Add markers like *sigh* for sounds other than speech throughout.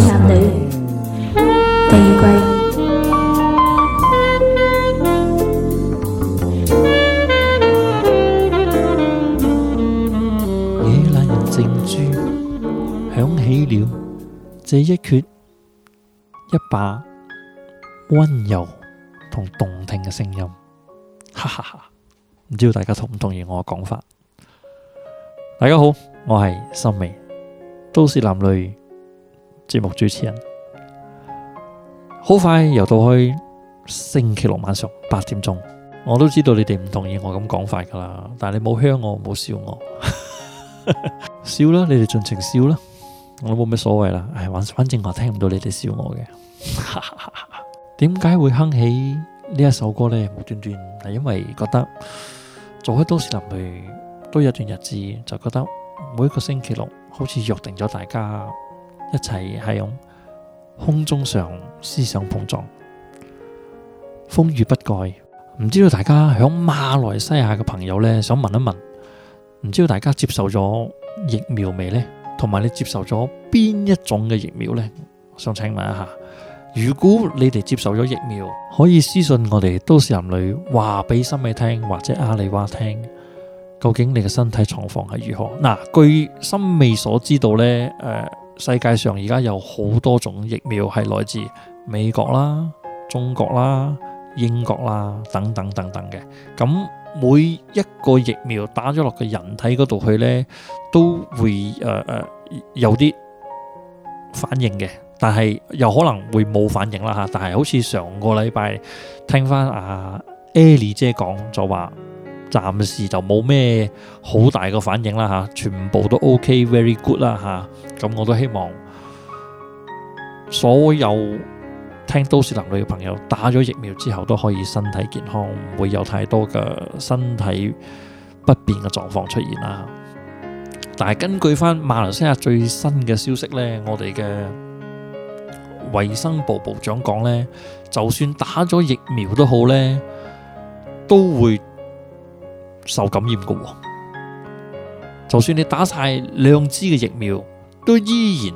男女，回歸，夜闌人靜處響起了這一闕一把温柔同動聽嘅聲音，哈哈哈！唔知道大家同唔同意我嘅講法？大家好，我係森美，都市男女。節目主持人，好快又到去星期六晚上八點鐘，我都知道你哋唔同意我咁講法噶啦，但係你冇香我，冇笑我，笑啦，你哋盡情笑啦，我冇咩所謂啦，唉，反正我聽唔到你哋笑我嘅。點 *laughs* 解會哼起呢一首歌呢？無端端係因為覺得做開都市男女都有段日子，就覺得每一個星期六好似約定咗大家。一齊係用空中上思想碰撞，風雨不改。唔知道大家響馬來西亞嘅朋友呢，想問一問，唔知道大家接受咗疫苗未呢？同埋你接受咗邊一種嘅疫苗咧？想請問一下，如果你哋接受咗疫苗，可以私信我哋都市男女話俾森美聽，或者阿里娃聽，究竟你嘅身體狀況係如何？嗱，據森美所知道呢。誒、呃。世界上而家有好多種疫苗，係來自美國啦、中國啦、英國啦等等等等嘅。咁每一個疫苗打咗落個人體嗰度去咧，都會誒誒、呃呃、有啲反應嘅，但係又可能會冇反應啦吓。但係好似上個禮拜聽翻阿 Ellie 姐講就話。暫時就冇咩好大個反應啦，吓，全部都 OK，very、OK, good 啦，吓、啊，咁我都希望所有聽都市男女嘅朋友打咗疫苗之後都可以身體健康，唔會有太多嘅身體不便嘅狀況出現啦、啊。但係根據翻馬來西亞最新嘅消息呢，我哋嘅衛生部部長講呢，就算打咗疫苗都好呢，都會。受感染嘅，就算你打晒兩支嘅疫苗，都依然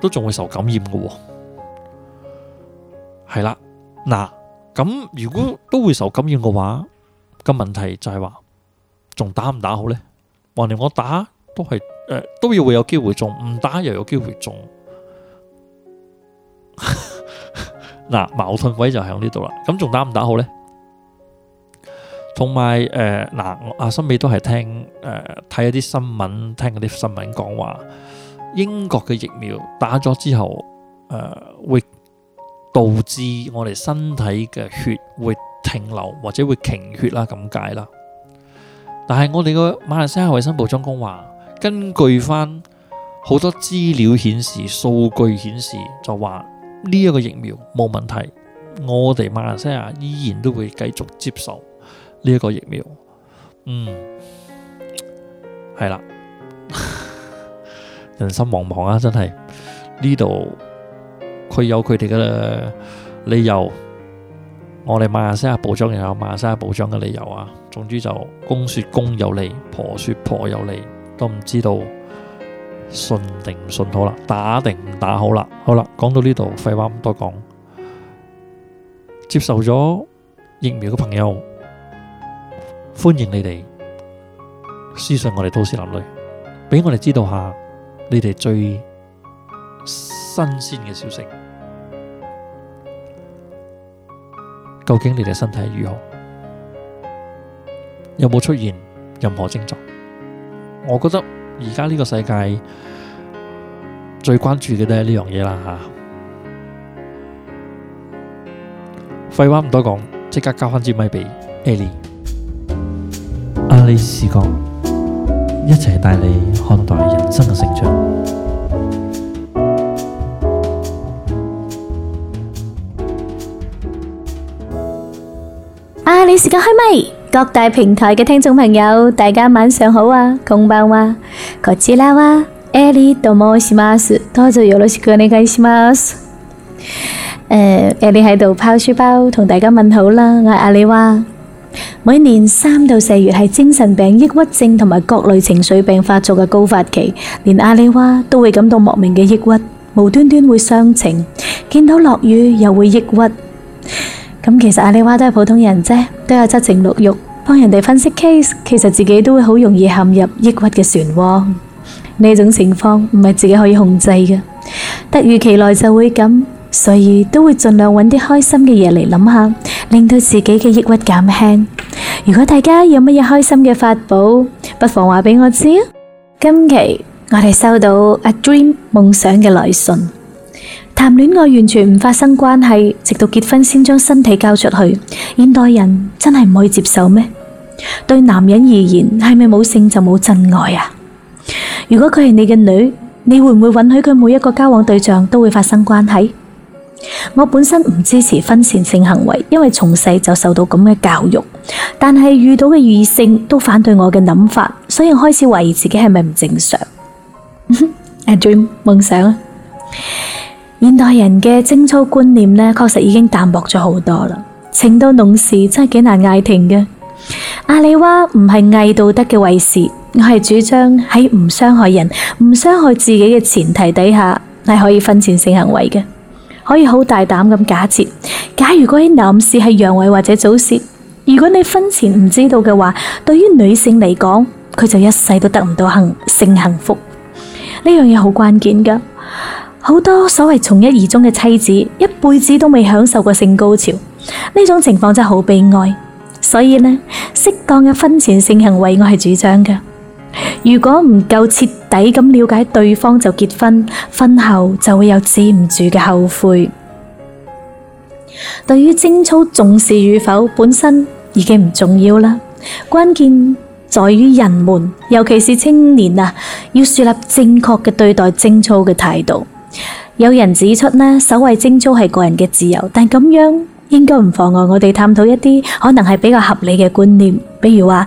都仲會受感染嘅。係啦，嗱，咁如果都會受感染嘅話，個問題就係話，仲打唔打好呢？橫掂我打都係誒，都要會有機會中，唔打又有機會中。嗱，矛盾位就喺呢度啦。咁仲打唔打好呢？同埋誒嗱，阿森、呃啊、美都係聽誒睇、呃、一啲新聞，聽嗰啲新聞講話英國嘅疫苗打咗之後，誒、呃、會導致我哋身體嘅血會停留或者會停血啦，咁解啦。但係我哋個馬來西亞衞生部長講話，根據翻好多資料顯示、數據顯示，就話呢一個疫苗冇問題，我哋馬來西亞依然都會繼續接受。呢一個疫苗，嗯，係啦， *laughs* 人心惶惶啊，真係呢度佢有佢哋嘅理由，我哋馬來西亞部長又有馬來西亞部長嘅理由啊。總之就公説公有理，婆説婆有理，都唔知道信定唔信好啦，打定唔打好啦。好啦，講到呢度廢話唔多講，講接受咗疫苗嘅朋友。歡迎你哋私信我哋都市男女，俾我哋知道下你哋最新鮮嘅消息。究竟你哋身體如何？有冇出現任何症狀？我覺得而家呢個世界最關注嘅都係呢樣嘢啦吓。廢話唔多講，即刻交返支咪俾 Ellie。阿里時間一齊帶你看待人生嘅成長。阿里時間開咪，各大平台嘅聽眾朋友，大家晚上好啊，こんばんは，こちらはエリと申します。どうぞよろしくお願いします。誒，阿里喺度拋書包同大家問好啦，我係阿里哇。每年三到四月係精神病、抑鬱症同埋各類情緒病發作嘅高發期，連阿麗娃都會感到莫名嘅抑鬱，無端端會傷情，見到落雨又會抑鬱。咁其實阿麗娃都係普通人啫，都有七情六欲，幫人哋分析 case，其實自己都會好容易陷入抑鬱嘅漩渦。呢種情況唔係自己可以控制嘅，突如其來就會咁，所以都會盡量揾啲開心嘅嘢嚟諗下。令到自己嘅抑鬱減輕。如果大家有乜嘢開心嘅法寶，不妨話俾我知啊！今期我哋收到阿 Dream 夢想嘅來信，談戀愛完全唔發生關係，直到結婚先將身體交出去。現代人真係唔可以接受咩？對男人而言，係咪冇性就冇真愛啊？如果佢係你嘅女，你會唔會允許佢每一個交往對象都會發生關係？我本身唔支持婚前性行為，因為從細就受到咁嘅教育。但係遇到嘅異性都反對我嘅諗法，所以我開始懷疑自己係咪唔正常。 *laughs* Adrian，夢想，現代人嘅貞操觀念咧，確實已經淡薄咗好多啦。情到濃時真係幾難嗌停嘅。阿里娃唔係偽道德嘅衛士，我係主張喺唔傷害人、唔傷害自己嘅前提底下係可以婚前性行為嘅。可以好大膽咁假設，假如嗰啲男士係陽痿或者早泄，如果你婚前唔知道嘅話，對於女性嚟講，佢就一世都得唔到幸性幸福。呢樣嘢好關鍵㗎。好多所謂從一而終嘅妻子，一輩子都未享受過性高潮，呢種情況真係好悲哀。所以呢，適當嘅婚前性行為，我係主張嘅。如果唔夠徹底咁了解對方就結婚，婚後就會有止唔住嘅後悔。對於貞操重視與否，本身已經唔重要啦。關鍵在於人們，尤其是青年啊，要樹立正確嘅對待貞操嘅態度。有人指出呢，守衛貞操係個人嘅自由，但咁樣應該唔妨礙我哋探討一啲可能係比較合理嘅觀念，比如話。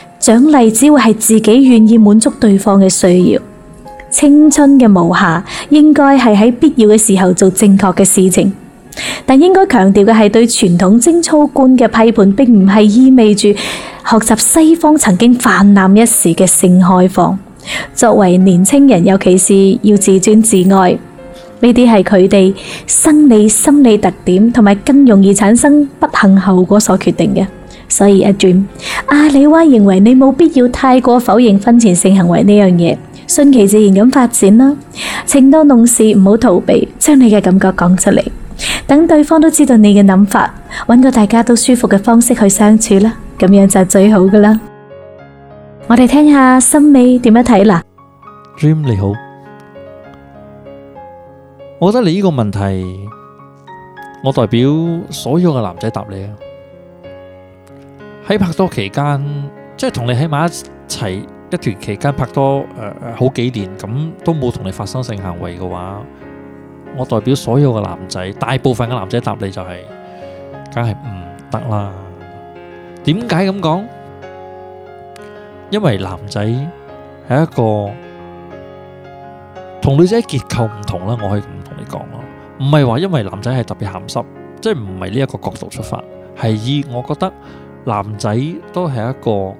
獎勵只會係自己願意滿足對方嘅需要。青春嘅無瑕應該係喺必要嘅時候做正確嘅事情，但應該強調嘅係對傳統貞操觀嘅批判，並唔係意味住學習西方曾經泛濫一時嘅性開放。作為年輕人，尤其是要自尊自愛，呢啲係佢哋生理心理特點同埋更容易產生不幸後果所決定嘅。所以，阿 Dream，阿李威認為你冇必要太過否認婚前性行為呢樣嘢，順其自然咁發展啦。情到濃時，唔好逃避，將你嘅感覺講出嚟，等對方都知道你嘅諗法，搵個大家都舒服嘅方式去相處啦，咁樣就最好噶啦。我哋聽下心美點樣睇啦。Dream 你好，我覺得你呢個問題，我代表所有嘅男仔答你啊。喺拍拖期間，即係同你喺埋一齊一段期間拍拖，誒、呃，好幾年咁都冇同你發生性行為嘅話，我代表所有嘅男仔，大部分嘅男仔答你就係、是，梗係唔得啦。點解咁講？因為男仔係一個同女仔結構唔同啦。我可以咁同你講咯，唔係話因為男仔係特別鹹濕，即係唔係呢一個角度出發，係以我覺得。男仔都係一個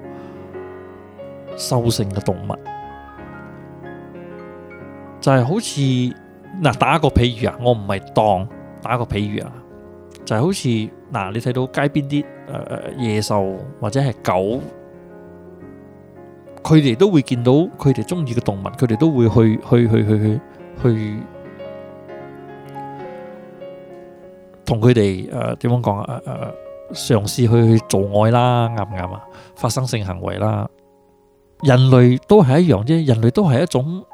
獸性嘅動物，就係好似嗱，打一個比喻啊，我唔係當打個比喻啊，就係好似嗱，你睇到街邊啲誒誒野獸或者係狗，佢哋都會見到佢哋中意嘅動物，佢哋都會去去去去去去同佢哋誒點樣講啊啊！呃嘗試去做愛啦，啱唔啱啊？發生性行為啦，人類都係一樣啫。人類都係一種，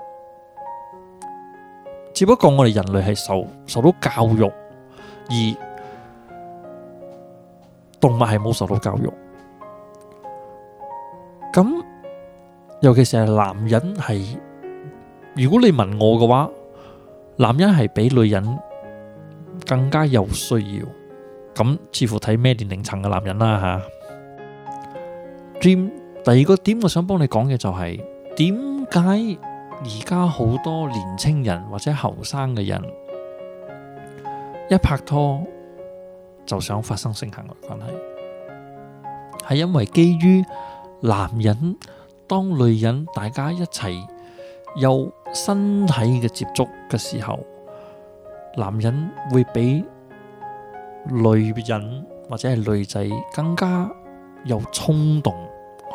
只不過我哋人類係受受到教育，而動物係冇受到教育。咁，尤其是係男人係，如果你問我嘅話，男人係比女人更加有需要。咁似乎睇咩年齡層嘅男人啦吓。Dream 第二個點，我想幫你講嘅就係點解而家好多年輕人或者後生嘅人一拍拖就想發生性行為關係，係因為基於男人當女人，大家一齊有身體嘅接觸嘅時候，男人會俾。女人或者係女仔更加有衝動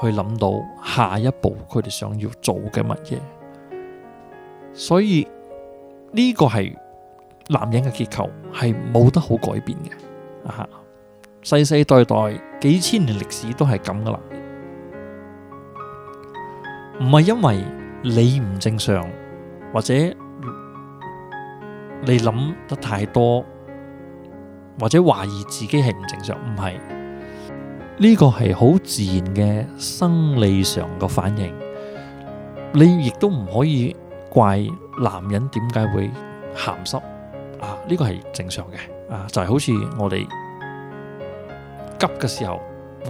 去諗到下一步佢哋想要做嘅乜嘢，所以呢個係男人嘅結構，係冇得好改變嘅啊！世世代代幾千年歷史都係咁噶啦，唔係因為你唔正常，或者你諗得太多。或者懷疑自己係唔正常，唔係，呢個係好自然嘅生理上嘅反應。你亦都唔可以怪男人點解會鹹濕啊？呢個係正常嘅啊，就係好似我哋急嘅時候，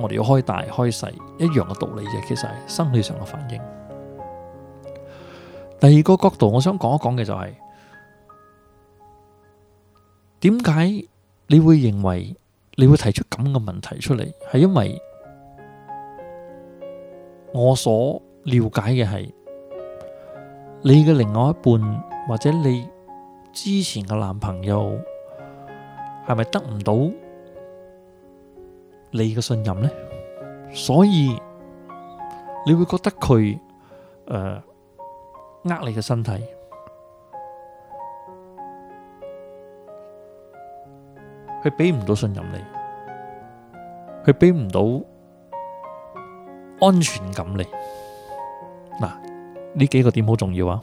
我哋要開大開細一樣嘅道理啫。其實係生理上嘅反應。第二個角度，我想講一講嘅就係點解。你會認為你會提出咁嘅問題出嚟，係因為我所了解嘅係你嘅另外一半或者你之前嘅男朋友係咪得唔到你嘅信任呢？所以你會覺得佢誒呃你嘅身體。佢俾唔到信任你，佢俾唔到安全感你，嗱，呢幾個點好重要啊！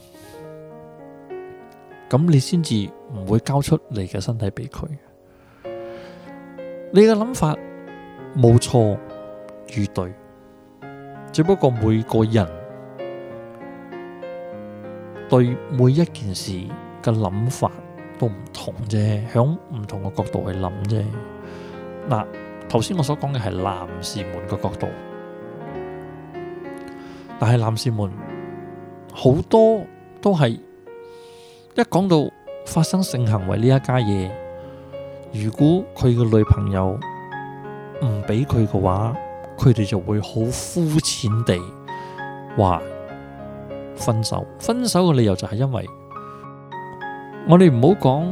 咁你先至唔會交出你嘅身體俾佢。你嘅諗法冇錯與對，只不過每個人對每一件事嘅諗法。都唔同啫，響唔同嘅角度去諗啫。嗱，頭先我所講嘅係男士們嘅角度，但係男士們好多都係一講到發生性行為呢一家嘢，如果佢嘅女朋友唔俾佢嘅話，佢哋就會好膚淺地話分手。分手嘅理由就係因為。我哋唔好講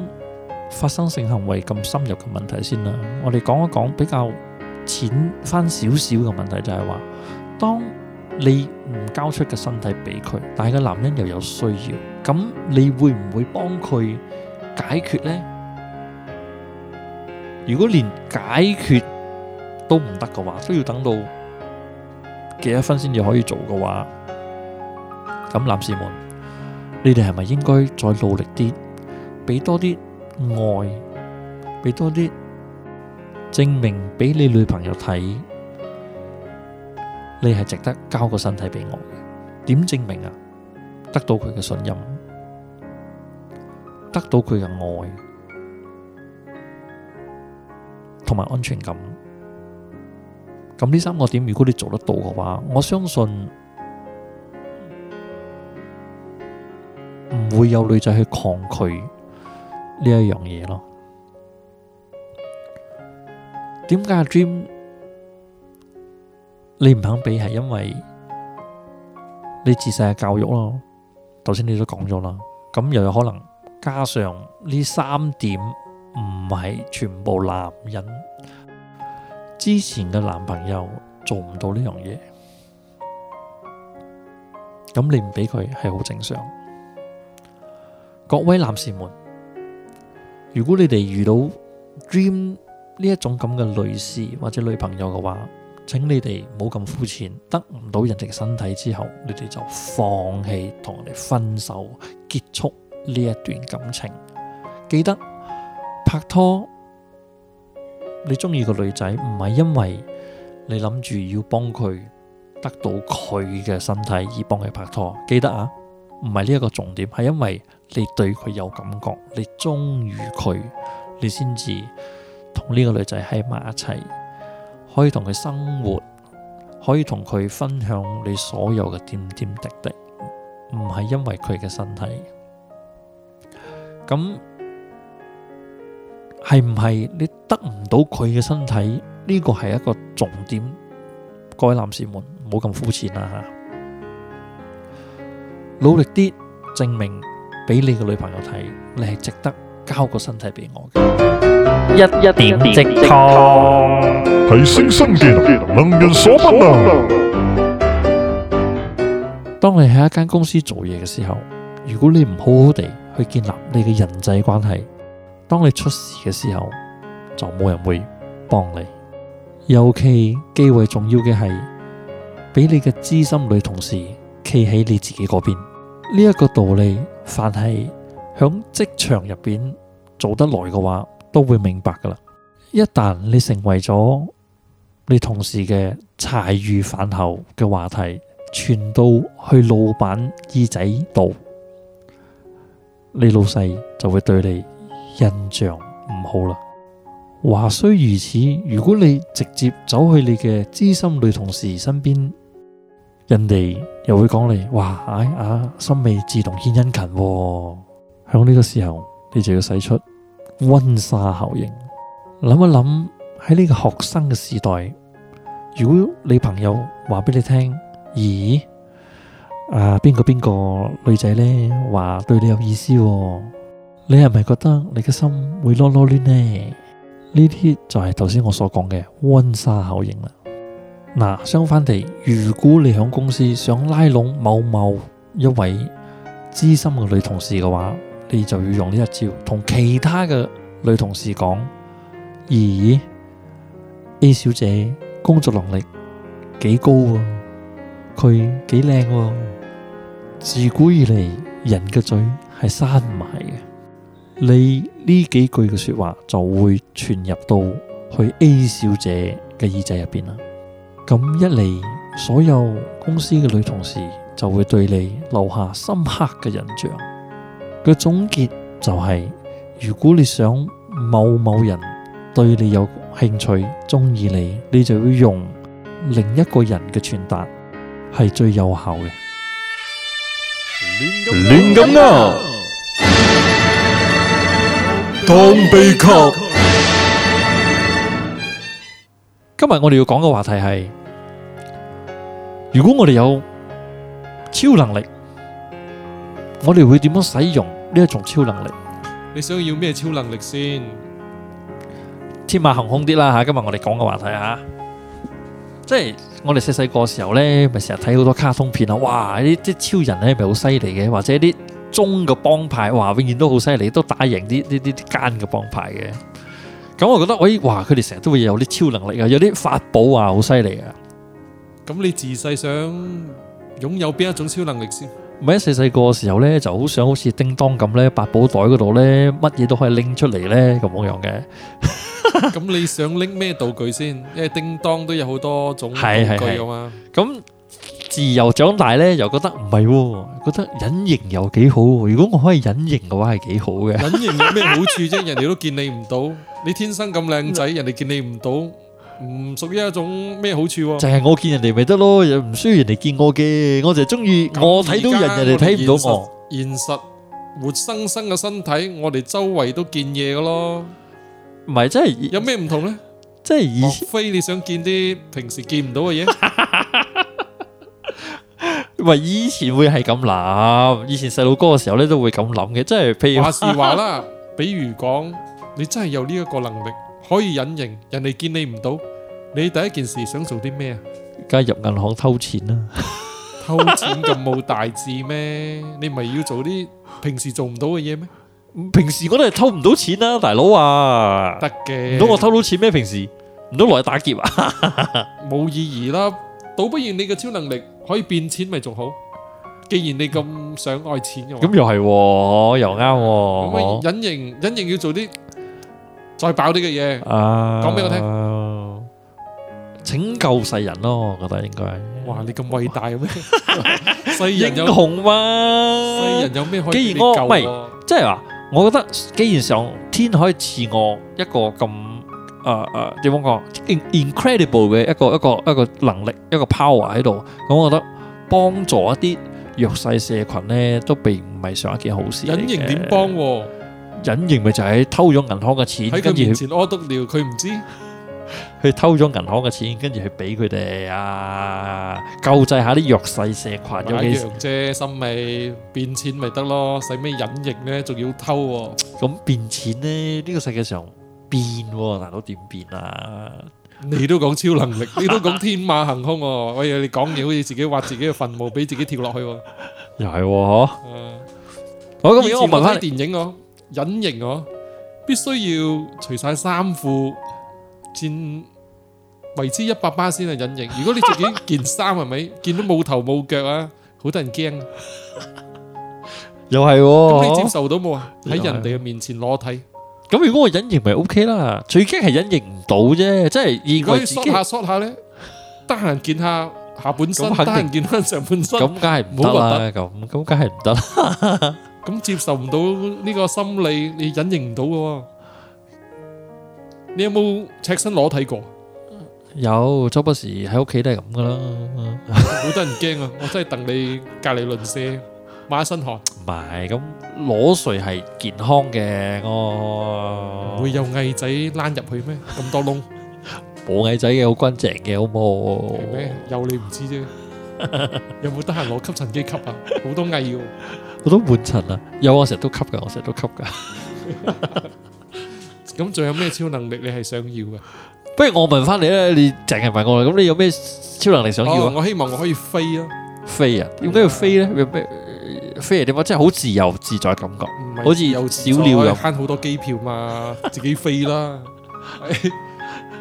發生性行為咁深入嘅問題先啦，我哋講一講比較淺翻少少嘅問題，就係話，當你唔交出嘅身體俾佢，但係個男人又有需要，咁你會唔會幫佢解決呢？如果連解決都唔得嘅話，都要等到幾多分先至可以做嘅話，咁男士們，你哋係咪應該再努力啲？俾多啲愛，俾多啲證明俾你女朋友睇，你係值得交個身體俾我嘅。點證明啊？得到佢嘅信任，得到佢嘅愛，同埋安全感。咁呢三個點，如果你做得到嘅話，我相信唔會有女仔去抗拒。呢一樣嘢咯，點解 dream 你唔肯俾？係因為你自細嘅教育咯。頭先你都講咗啦，咁又有可能加上呢三點，唔係全部男人之前嘅男朋友做唔到呢樣嘢，咁你唔俾佢係好正常。各位男士們。如果你哋遇到 dream 呢一種咁嘅女士或者女朋友嘅話，請你哋唔好咁膚淺，得唔到人哋身體之後，你哋就放棄同人哋分手，結束呢一段感情。記得拍拖，你中意個女仔唔係因為你諗住要幫佢得到佢嘅身體而幫佢拍拖，記得啊，唔係呢一個重點，係因為。你對佢有感覺，你中意佢，你先至同呢個女仔喺埋一齊，可以同佢生活，可以同佢分享你所有嘅點點滴滴，唔係因為佢嘅身體，咁係唔係你得唔到佢嘅身體？呢個係一個重點。各位男士們，唔好咁膚淺啦吓，努力啲，證明。俾你嘅女朋友睇，你係值得交個身體俾我嘅。一一點直通提升技能，能人所不能。當你喺一間公司做嘢嘅時候，如果你唔好好地去建立你嘅人際關係，當你出事嘅時候，就冇人會幫你。尤其極為重要嘅係，俾你嘅資深女同事企喺你自己嗰邊。呢一個道理，凡係響職場入邊做得耐嘅話，都會明白噶啦。一旦你成為咗你同事嘅茶餘飯後嘅話題，傳到去老闆耳仔度，你老細就會對你印象唔好啦。話雖如此，如果你直接走去你嘅資深女同事身邊，人哋又會講你，哇！唉、哎，啊，心未自動獻殷勤喎、哦。響呢個時候，你就要使出温莎效應。諗一諗喺呢個學生嘅時代，如果你朋友話俾你聽，咦？啊，邊個邊個女仔咧話對你有意思、哦，你係咪覺得你嘅心會囉囉攣呢？呢啲就係頭先我所講嘅温莎效應啦。嗱，相反地，如果你響公司想拉攏某某一位資深嘅女同事嘅話，你就要用呢一招同其他嘅女同事講：咦，A 小姐工作能力幾高啊，佢幾靚喎，自古以嚟人嘅嘴係閂唔埋嘅，你呢幾句嘅說話就會傳入到去 A 小姐嘅耳仔入邊啦。咁一嚟，所有公司嘅女同事就會對你留下深刻嘅印象。個總結就係，如果你想某某人對你有興趣、中意你，你就要用另一個人嘅傳達係最有效嘅。亂咁啊！當被吸。今日我哋要講嘅話題係。如果我哋有超能力，我哋會點樣使用呢一種超能力？你想要咩超能力先？天馬行空啲啦吓，今日我哋講嘅話題啊，即係我哋細細個時候咧，咪成日睇好多卡通片啊，哇！啲即係超人咧，咪好犀利嘅，或者啲中嘅幫派，哇，永遠都好犀利，都打贏啲呢啲奸嘅幫派嘅。咁我覺得，喂、哎，哇，佢哋成日都會有啲超能力啊，有啲法寶啊，好犀利啊！咁你自細想擁有邊一種超能力先？唔係，細細個嘅時候咧，就好想好似叮當咁咧，八寶袋嗰度咧，乜嘢都可以拎出嚟咧，咁樣嘅。咁你想拎咩道具先？因為叮當都有好多種道具啊嘛。咁自由長大咧，又覺得唔係，覺得隱形又幾好。如果我可以隱形嘅話，係幾好嘅。隱形有咩好處啫？人哋都見你唔到，你天生咁靚仔，人哋見你唔到。唔屬於一種咩好處啊？就係我見人哋咪得咯，又唔需要人哋見我嘅。我就中意我睇到人，人哋睇唔到我。現實，現實活生生嘅身體，我哋周圍都見嘢㗎咯。唔係，即係有咩唔同咧？即係以前，非你想見啲平時見唔到嘅嘢。 *laughs* 喂，以前會係咁諗，以前細路哥嘅時候咧都會咁諗嘅。即係譬如話事話啦， *laughs* 比如講，你真係有呢一個能力。可以隱形，人哋見你唔到，你第一件事想做啲咩啊？加入銀行偷錢啦！偷錢咁冇大志咩？你唔係要做啲平時做唔到嘅嘢咩？平時我都係偷唔到錢啊，大佬啊！得嘅，唔通我偷到錢咩？平時唔通我落去打劫啊？冇意義啦，倒不如你嘅超能力可以變錢，咪仲好。既然你咁想愛錢，咁又係，又啱。隱形隱形要做啲。再爆啲嘅嘢，講俾、uh, 我聽，拯救世人咯，我覺得應該。哇，你咁偉大咩？世英雄嘛。世人有咩、 *laughs* 啊、可以救？唔係，即係話，我覺得既然上天可以賜我一個咁誒誒點講啊，incredible 嘅一個一個一個,一個能力一個 power 喺度，咁我覺得幫助一啲弱勢社群咧都並唔係上一件好事。隱形點幫喎、啊？隱形咪就係偷咗銀行嘅錢，跟住面前屙督尿，佢唔知去偷咗銀行嘅錢，跟住去俾佢哋啊，救濟下啲弱勢社群。買羊啫，心咪變錢咪得咯，使咩隱形咧？仲要偷？咁變錢咧？呢個世界上變？難道點變啊？你都講超能力，你都講天馬行空。我以為你講嘢好似自己挖自己嘅墳墓，俾自己跳落去。又係嗬？我咁如果我問翻電影我。隱形喎，必須要除晒衫褲，先為之一百巴先係隱形。如果你着咗件衫，係咪見到冇頭冇腳啊？好多人驚，又係喎，咁你接受到冇啊？喺人哋嘅面前裸體，咁如果我隱形咪 OK 啦？最驚係隱形唔到啫，即係如果 short 下 short 下咧，得閒見下下半身，得閒見返上半身，咁梗係唔得啦，咁咁梗係唔得。咁接受唔到呢個心理，你隱形唔到嘅。你有冇赤身裸體過？有，周不時喺屋企都係咁噶啦。好多人驚啊！我真係戥你隔籬鄰舍，抹一身汗。唔係，咁裸睡係健康嘅。我會有蟻仔躝入去咩？咁多窿冇蟻仔嘅，好乾淨嘅，好唔好？咩？有你唔知啫。有冇得閒攞吸塵機吸啊？好多蟻要。我都滿塵啦，有我成日都吸噶，我成日都吸噶。咁仲有咩超能力你係想要啊？不如我問翻你咧，你成日問我，咁你有咩超能力想要啊？我希望我可以飛啊，飛啊！點解要飛咧？要咩飛啊？點解真係好自由自在感覺？好似小鳥咁慳好多機票嘛，自己飛啦。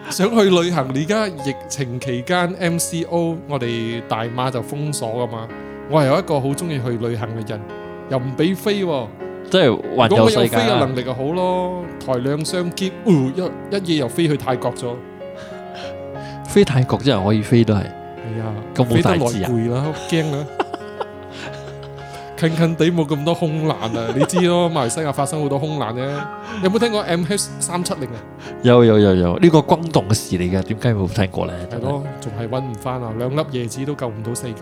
想去旅行，你而家疫情期間 MCO，我哋大馬就封鎖噶嘛。我係有一個好中意去旅行嘅人。又唔俾飛，即係環遊世界。如果我有飛嘅能力就好咯，抬兩雙肩，一一夜又飛去泰國咗。飛泰國真係可以飛都係。係啊，飛得來攰啦，驚啦。近近地冇咁多空難啊，你知咯？馬來西亞發生好多空難咧，有冇聽過 MH370 啊？有有有有，呢個轟動嘅事嚟嘅，點解冇聽過咧？係咯，仲係搵唔返啊，兩粒椰子都救唔到世界。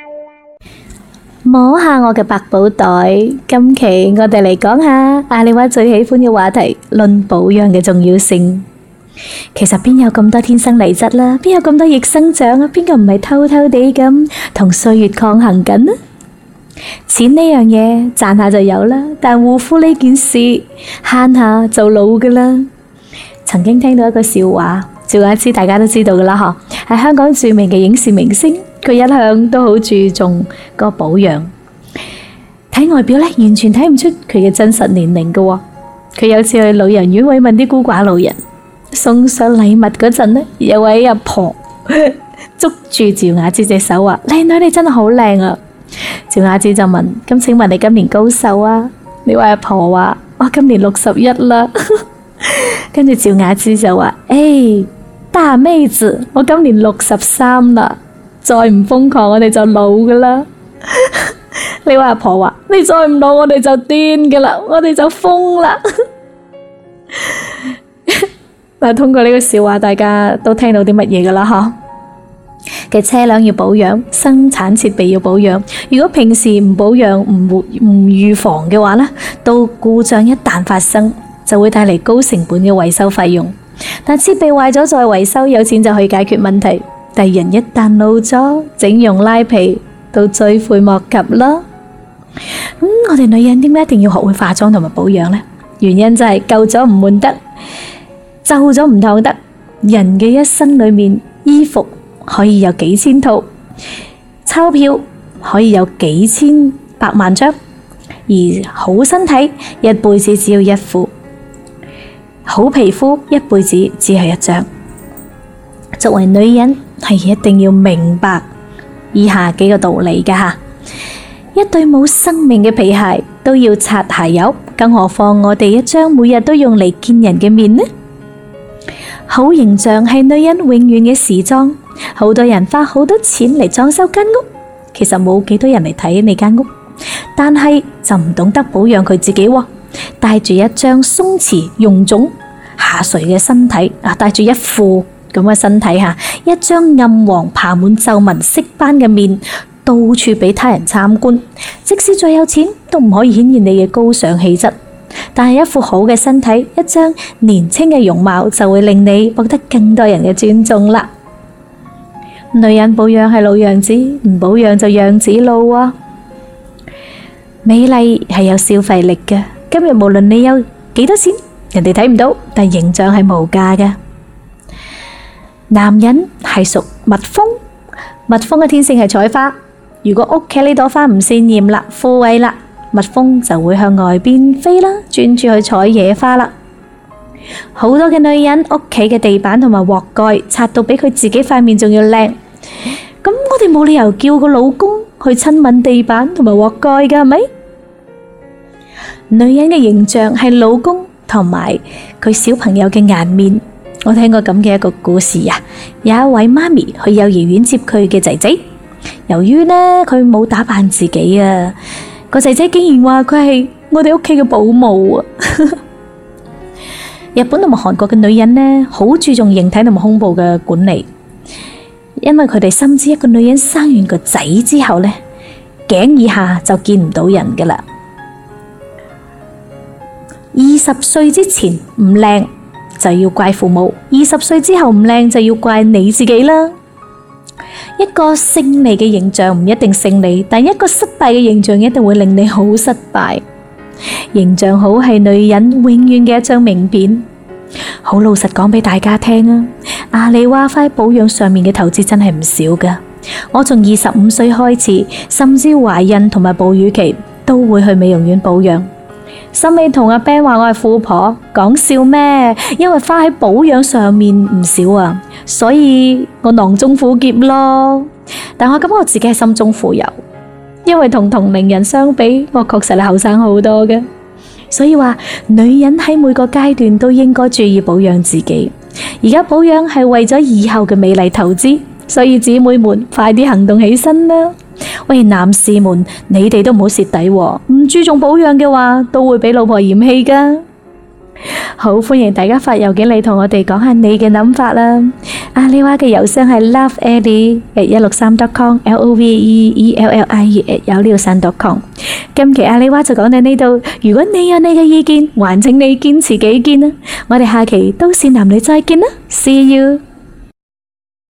摸下我嘅百寶袋，今期我哋嚟講下阿李威最喜歡嘅話題，論保養嘅重要性。其實邊有咁多天生麗質啦，邊有咁多逆生長啊？邊個唔係偷偷地咁同歲月抗衡緊呢？錢呢樣嘢賺下就有啦，但護膚呢件事慳下就老噶啦。曾經聽到一個笑話，趙雅芝大家都知道噶啦，嗬，係香港著名嘅影視明星。佢一向都好注重個保養，睇外表咧，完全睇唔出佢嘅真實年齡噶，哦。佢有次去老人院慰問啲孤寡老人，送上禮物嗰陣咧，有位阿婆 *laughs* 捉住趙雅芝隻手話：，靚女，你真係好靚啊！趙雅芝就問：，咁請問你今年高壽啊？呢位阿婆話，啊：，我今年六十一啦。跟 *laughs* 住趙雅芝就話：，誒，哎，大妹子，我今年六十三啦。再唔瘋狂，我哋就老噶啦！ *laughs* 你話阿婆話，你再唔老，我哋就癲噶啦，我哋就瘋啦！嗱， *laughs* 通過呢個笑話，大家都聽到啲乜嘢噶啦？嗬？嘅車輛要保養，生產設備要保養。如果平時唔保養、唔沒預防嘅話呢，到故障一旦發生，就會帶嚟高成本嘅維修費用。但設備壞咗再維修，有錢就可以解決問題。但係人一旦老咗，整容拉皮都追悔莫及咯。咁我哋女人點解一定要學會化妝同埋保養呢？原因就係舊咗唔換得，皺咗唔燙得。人嘅一生裏面，衣服可以有幾千套，鈔票可以有幾千百萬張，而好身體一輩子只要一副，好皮膚一輩子只係一張。作為女人。係一定要明白以下幾個道理嘅吓，一對冇生命嘅皮鞋都要擦鞋油，更何況我哋一張每日都用嚟見人嘅面呢？好形象係女人永遠嘅時裝，好多人花好多錢嚟裝修間屋，其實冇幾多人嚟睇你間屋，但係就唔懂得保養佢自己喎，帶住一張鬆弛、臃腫、下垂嘅身體，啊，帶住一副。咁嘅身體吓，一張暗黃、爬滿皺紋、色斑嘅面，到處俾他人參觀。即使再有錢，都唔可以顯現你嘅高尚氣質。但係一副好嘅身體，一張年輕嘅容貌，就會令你博得更多人嘅尊重啦。女人保養係老樣子，唔保養就樣子老啊。美麗係有消費力嘅。今日無論你有幾多錢，人哋睇唔到，但形象係無價嘅。男人係屬蜜蜂，蜜蜂嘅天性係採花。如果屋企呢朵花唔鮮艷啦，枯萎啦，蜜蜂就會向外邊飛啦，專注去採野花啦。好多嘅女人屋企嘅地板同埋鑊蓋擦到比佢自己塊面仲要靚，咁我哋冇理由叫個老公去親吻地板同埋鑊蓋噶，係咪？女人嘅形象係老公同埋佢小朋友嘅顏面。我聽過咁嘅一個故事啊，有一位媽咪去幼兒園接佢嘅仔仔，由於呢佢冇打扮自己啊，個仔仔竟然話佢係我哋屋企嘅保姆啊！ *laughs* 日本同埋韓國嘅女人呢，好注重形體同埋胸部嘅管理，因為佢哋深知一個女人生完個仔之後呢，頸以下就見唔到人㗎喇。二十歲之前唔靚，不靚就要怪父母。二十歲之後唔靚，就要怪你自己啦。一個勝利嘅形象唔一定勝利，但一個失敗嘅形象一定會令你好失敗。形象好係女人永遠嘅一張名片。好老實講俾大家聽啊，阿麗花喺保養上面嘅投資真係唔少噶。我從二十五歲開始，甚至懷孕同埋哺乳期都會去美容院保養。心裡同阿 Ben 話我係富婆，講笑咩？因為花喺保養上面唔少啊，所以我囊中苦澀咯。但我覺得我自己係心中富有，因為同同齡人相比，我確實係後生好多嘅。所以話女人喺每個階段都應該注意保養自己。而家保養係為咗以後嘅美麗投資，所以姊妹們快啲行動起身啦！喂，男士們，你哋都唔好蝕底，唔注重保養嘅話，都會俾老婆嫌棄㗎。好，歡迎大家發郵件嚟同我哋講下你嘅諗法啦。阿李娃嘅郵箱係 l o v e e l d y 一六三點 com，L O V E E L L I E o 聊 c o m 今期阿李娃就講到呢度，如果你有你嘅意見，還請你堅持己見。我哋下期都市男女再見啦，See you。